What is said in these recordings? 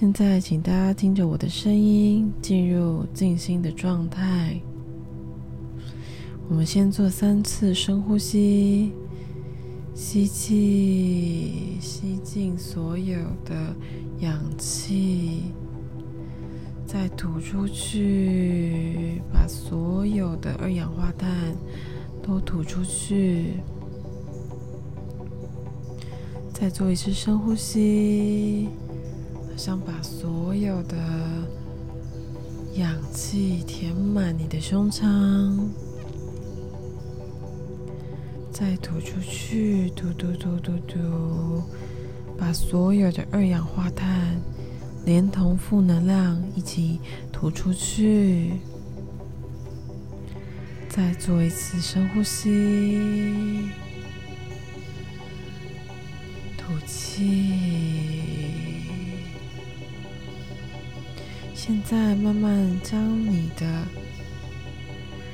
現在，請大家聽着我的聲音，進入靜心的狀態。我們先做三次深呼吸，吸氣，吸進所有的氧氣，再吐出去，把所有的二氧化碳都吐出去。再做一次深呼吸。想把所有的氧氣填滿你的胸腔，再吐出去，吐吐吐吐吐，把所有的二氧化碳連同負能量一起吐出去。再做一次深呼吸，吐氣。現在慢慢將你的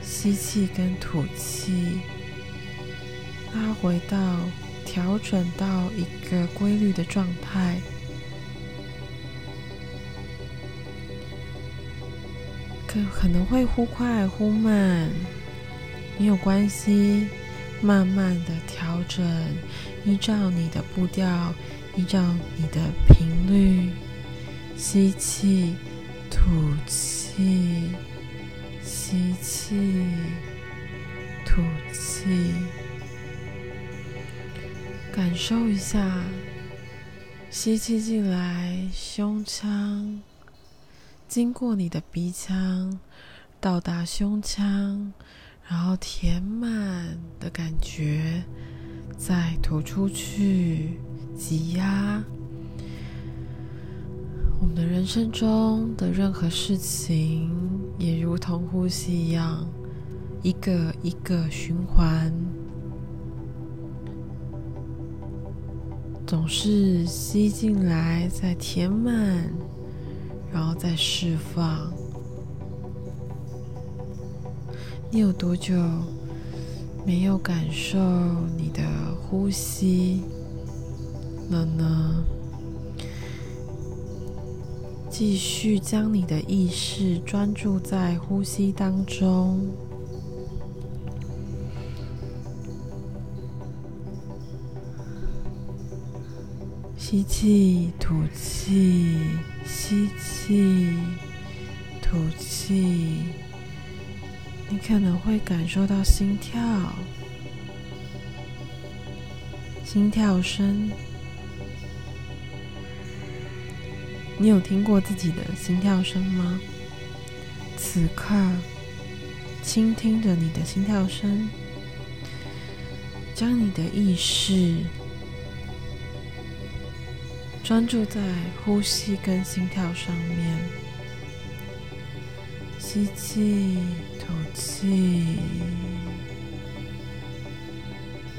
吸氣跟吐氣拉回到，調整到一個規律的狀態，可可能會忽快忽慢，沒有關係，慢慢的調整，依照你的步調，依照你的頻率，吸氣。吐氣，吸氣，吐氣，感受一下，吸氣進來，胸腔，經過你的鼻腔，到達胸腔，然後填滿的感覺，再吐出去，擠壓。我們人生中的任何事情，也如同呼吸一樣，一個一個循環，總是吸進來，再填滿，然後再釋放。你有多久沒有感受你的呼吸了呢？繼續將你的意識專注在呼吸當中，吸氣，吸氣，吐氣，吸氣，吐氣。你可能會感受到心跳，心跳聲。你有聽過自己的心跳聲嗎？此刻，傾聽着你的心跳聲，將你的意識專注在呼吸跟心跳上面。吸氣，吐氣，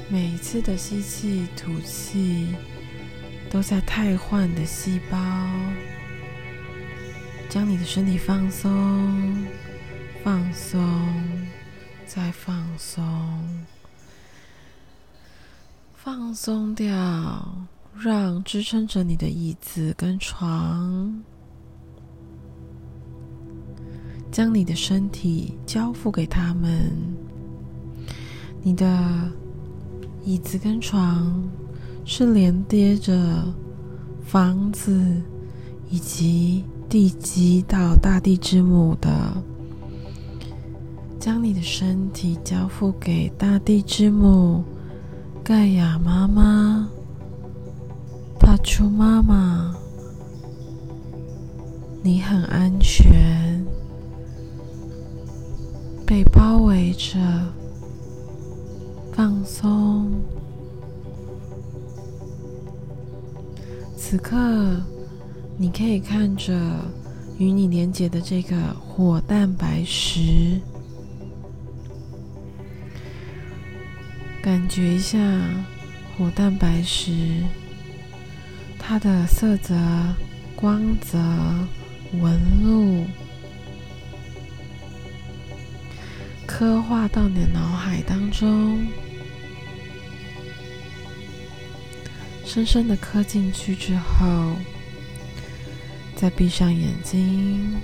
每一次的吸氣吐氣，都在汰換的細胞。將你的身體放鬆，放鬆，再放鬆，放鬆掉，讓支撐着你的椅子跟床，將你的身體交付給他們。你的椅子跟床是連接着房子以及。地基到大地之母的，將你的身體交付給大地之母蓋亞媽媽、帕丘媽媽，你很安全，被包圍着，放鬆，此刻。你可以看着與你連接的這個火蛋白石，感覺一下火蛋白石它的色澤、光澤、紋路，刻畫到你的腦海當中，深深的刻進去之後。再閉上眼睛，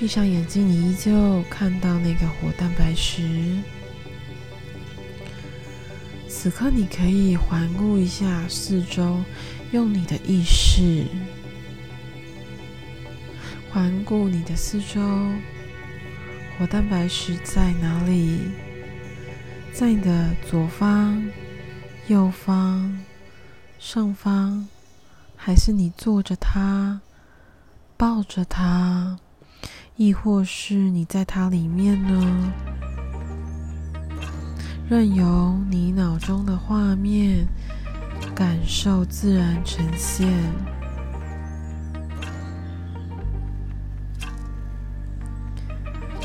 閉上眼睛，你依舊看到那個火蛋白石。此刻，你可以環顧一下四周，用你的意識環顧你的四周。火蛋白石在哪裡？在你的左方、右方。上方，還是你坐着它，抱着它，抑或是你在它裡面呢？任由你腦中的畫面感受自然呈現，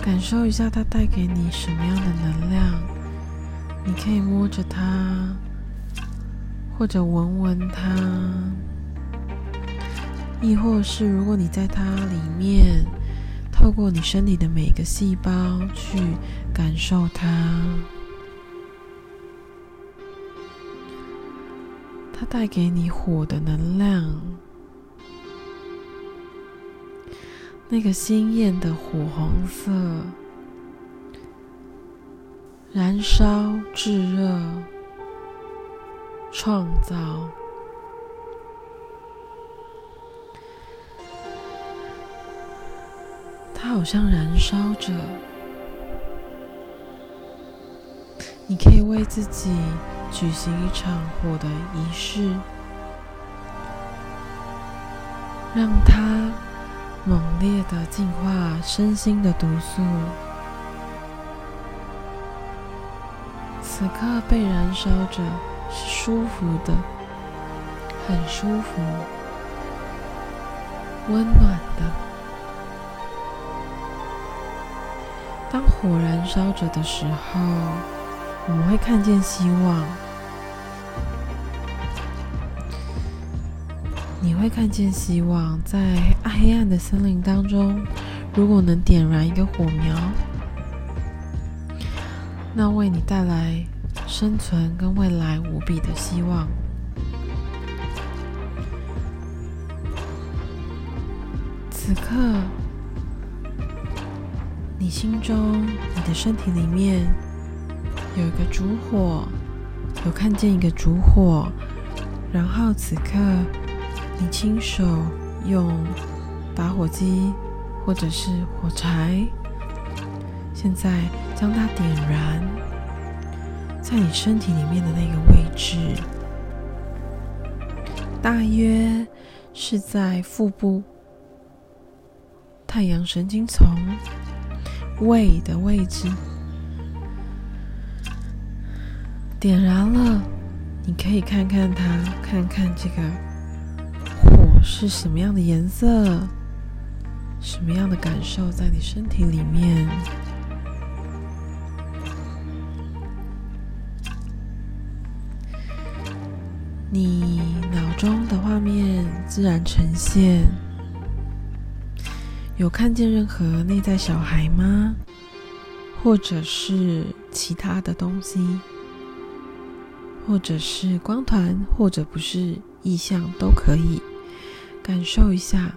感受一下它帶給你什麼樣的能量。你可以摸着它。或者聞聞它，亦或是如果你在它裡面，透過你身體的每個細胞去感受它，它帶給你火的能量，那個鮮豔的火紅色，燃燒炙熱。創造，它好像燃燒着。你可以為自己舉行一場火的儀式，讓它猛烈的淨化身心的毒素。此刻被燃燒着。是舒服的，很舒服，溫暖的。當火燃燒着的時候，我們會看見希望。你會看見希望，在暗黑暗的森林當中，如果能點燃一個火苗，那為你帶來。生存跟未來無比的希望。此刻，你心中、你的身體裡面有一個燭火，有看見一個燭火。然後，此刻你親手用打火機或者是火柴，現在將它點燃。在你身體裡面的那個位置，大約是在腹部太陽神經叢胃的位置，點燃了。你可以看看它，看看這個火是什麼樣的顏色，什麼樣的感受在你身體裡面。你腦中的畫面自然呈現，有看見任何內在小孩嗎？或者是其他的東西，或者是光團，或者不是意象都可以，感受一下。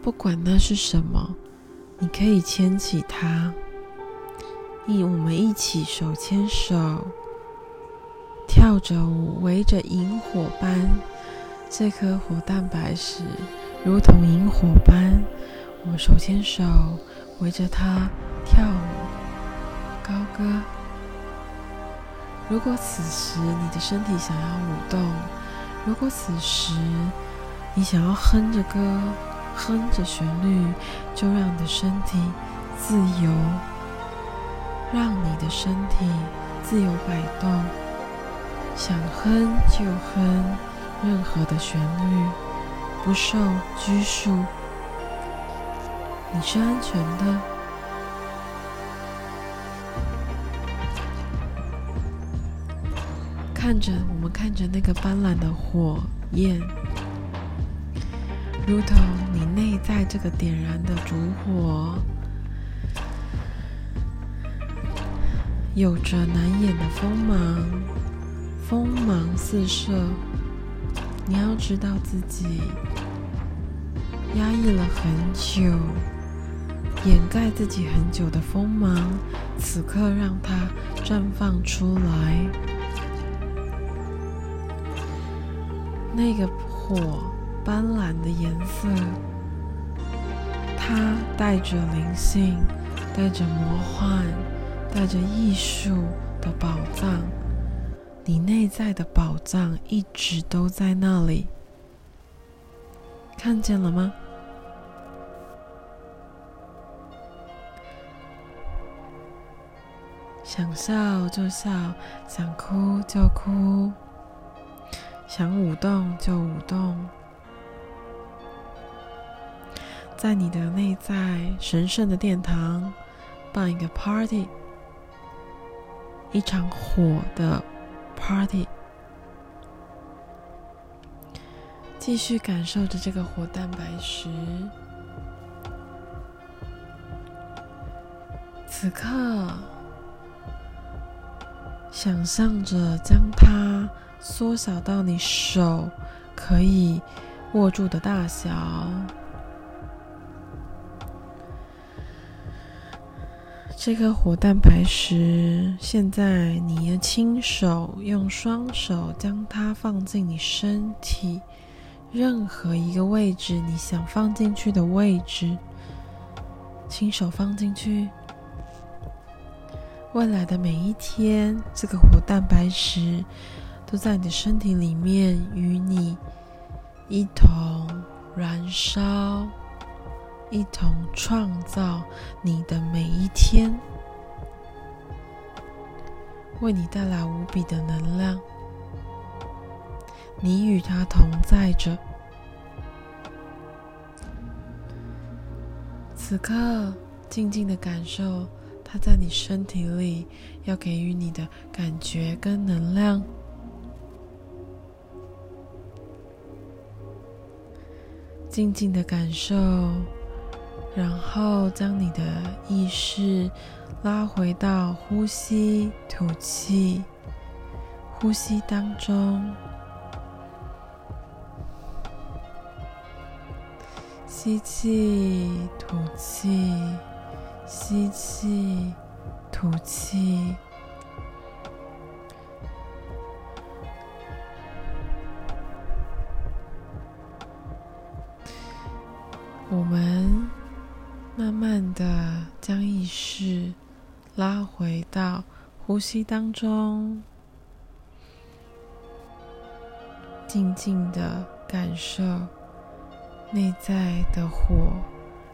不管那是什麼，你可以牽起它，一我們一起手牽手，跳着舞，圍着螢火般這顆火蛋白石，如同螢火般，我手牽手圍着它跳舞、高歌。如果此時你的身體想要舞動，如果此時你想要哼着歌、哼着旋律，就讓你的身體自由，讓你的身體自由擺動。想哼就哼，任何的旋律不受拘束。你是安全的。看着我們，看着那個斑斕的火焰，如同你內在這個點燃的燭火，有着難掩的鋒芒。鋒芒四射，你要知道自己壓抑了很久，掩蓋自己很久的鋒芒，此刻讓它綻放出來。那個火斑斕的顏色，它帶着靈性，帶着魔幻，帶着藝術的寶藏。你內在的寶藏一直都在那裡，看見了嗎？想笑就笑，想哭就哭，想舞動就舞動，在你的內在神聖的殿堂辦一個 party，一場火的。Party，繼續感受着這個火蛋白石。此刻，想象着將它縮小到你手可以握住的大小。這顆、個、火蛋白石，現在你要親手用雙手將它放進你身體任何一個位置，你想放進去的位置，親手放進去。未來的每一天，這個火蛋白石都在你的身體裡面與你一同燃燒。一同創造你的每一天，為你帶來無比的能量。你與他同在着，此刻靜靜的感受他在你身體裡要給予你的感覺跟能量，靜靜的感受。然後將你的意識拉回到呼吸，吐氣。呼吸當中，吸氣，吐氣，吸氣，吐氣。我們。慢的將意識拉回到呼吸當中，靜靜的感受內在的火，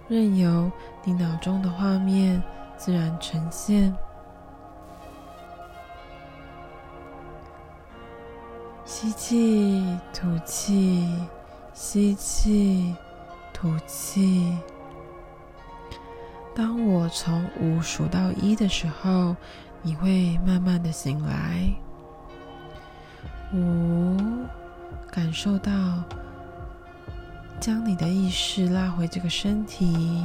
任由你腦中的畫面自然呈現。吸氣，吐氣，吸氣，吐氣。當我從五數到一的時候，你會慢慢的醒來。五，感受到將你的意識拉回這個身體。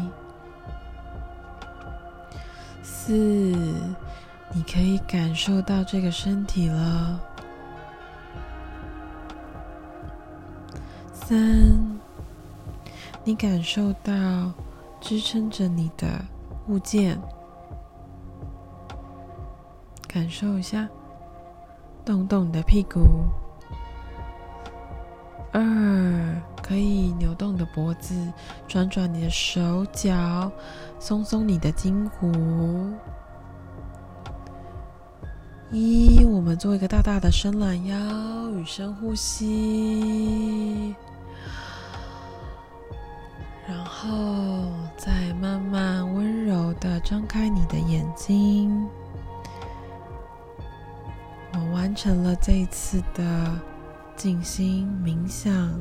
四，你可以感受到這個身體了。三，你感受到。支撐着你的物件，感受一下，動動你的屁股。二，可以扭動你的脖子，轉轉你的手腳，松鬆你的筋骨。一，我們做一個大大的伸懶腰與深呼吸，然後。張開你的眼睛，我完成了這一次的靜心冥想。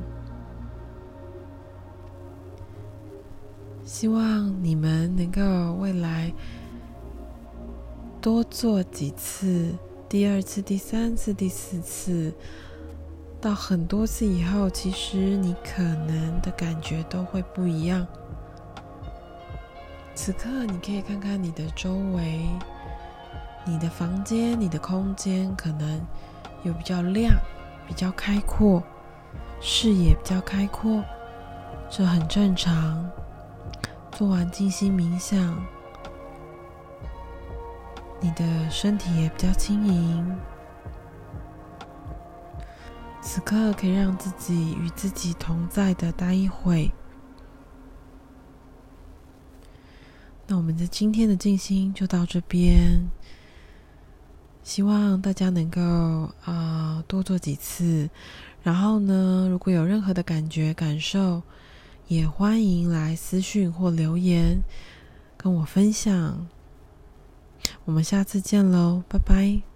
希望你們能夠未來多做幾次，第二次、第三次、第四次，到很多次以後，其實你可能的感覺都會不一樣。此刻你可以看看你的周圍，你的房間，你的空間可能有比較亮、比較開闊，視野比較開闊，這很正常。做完靜心冥想，你的身體也比較輕盈。此刻可以讓自己與自己同在的待一會。我們的今天的靜心就到這邊，希望大家能夠啊、呃、多做幾次，然後呢，如果有任何的感覺感受，也歡迎來私訊或留言跟我分享。我們下次見嘍，拜拜。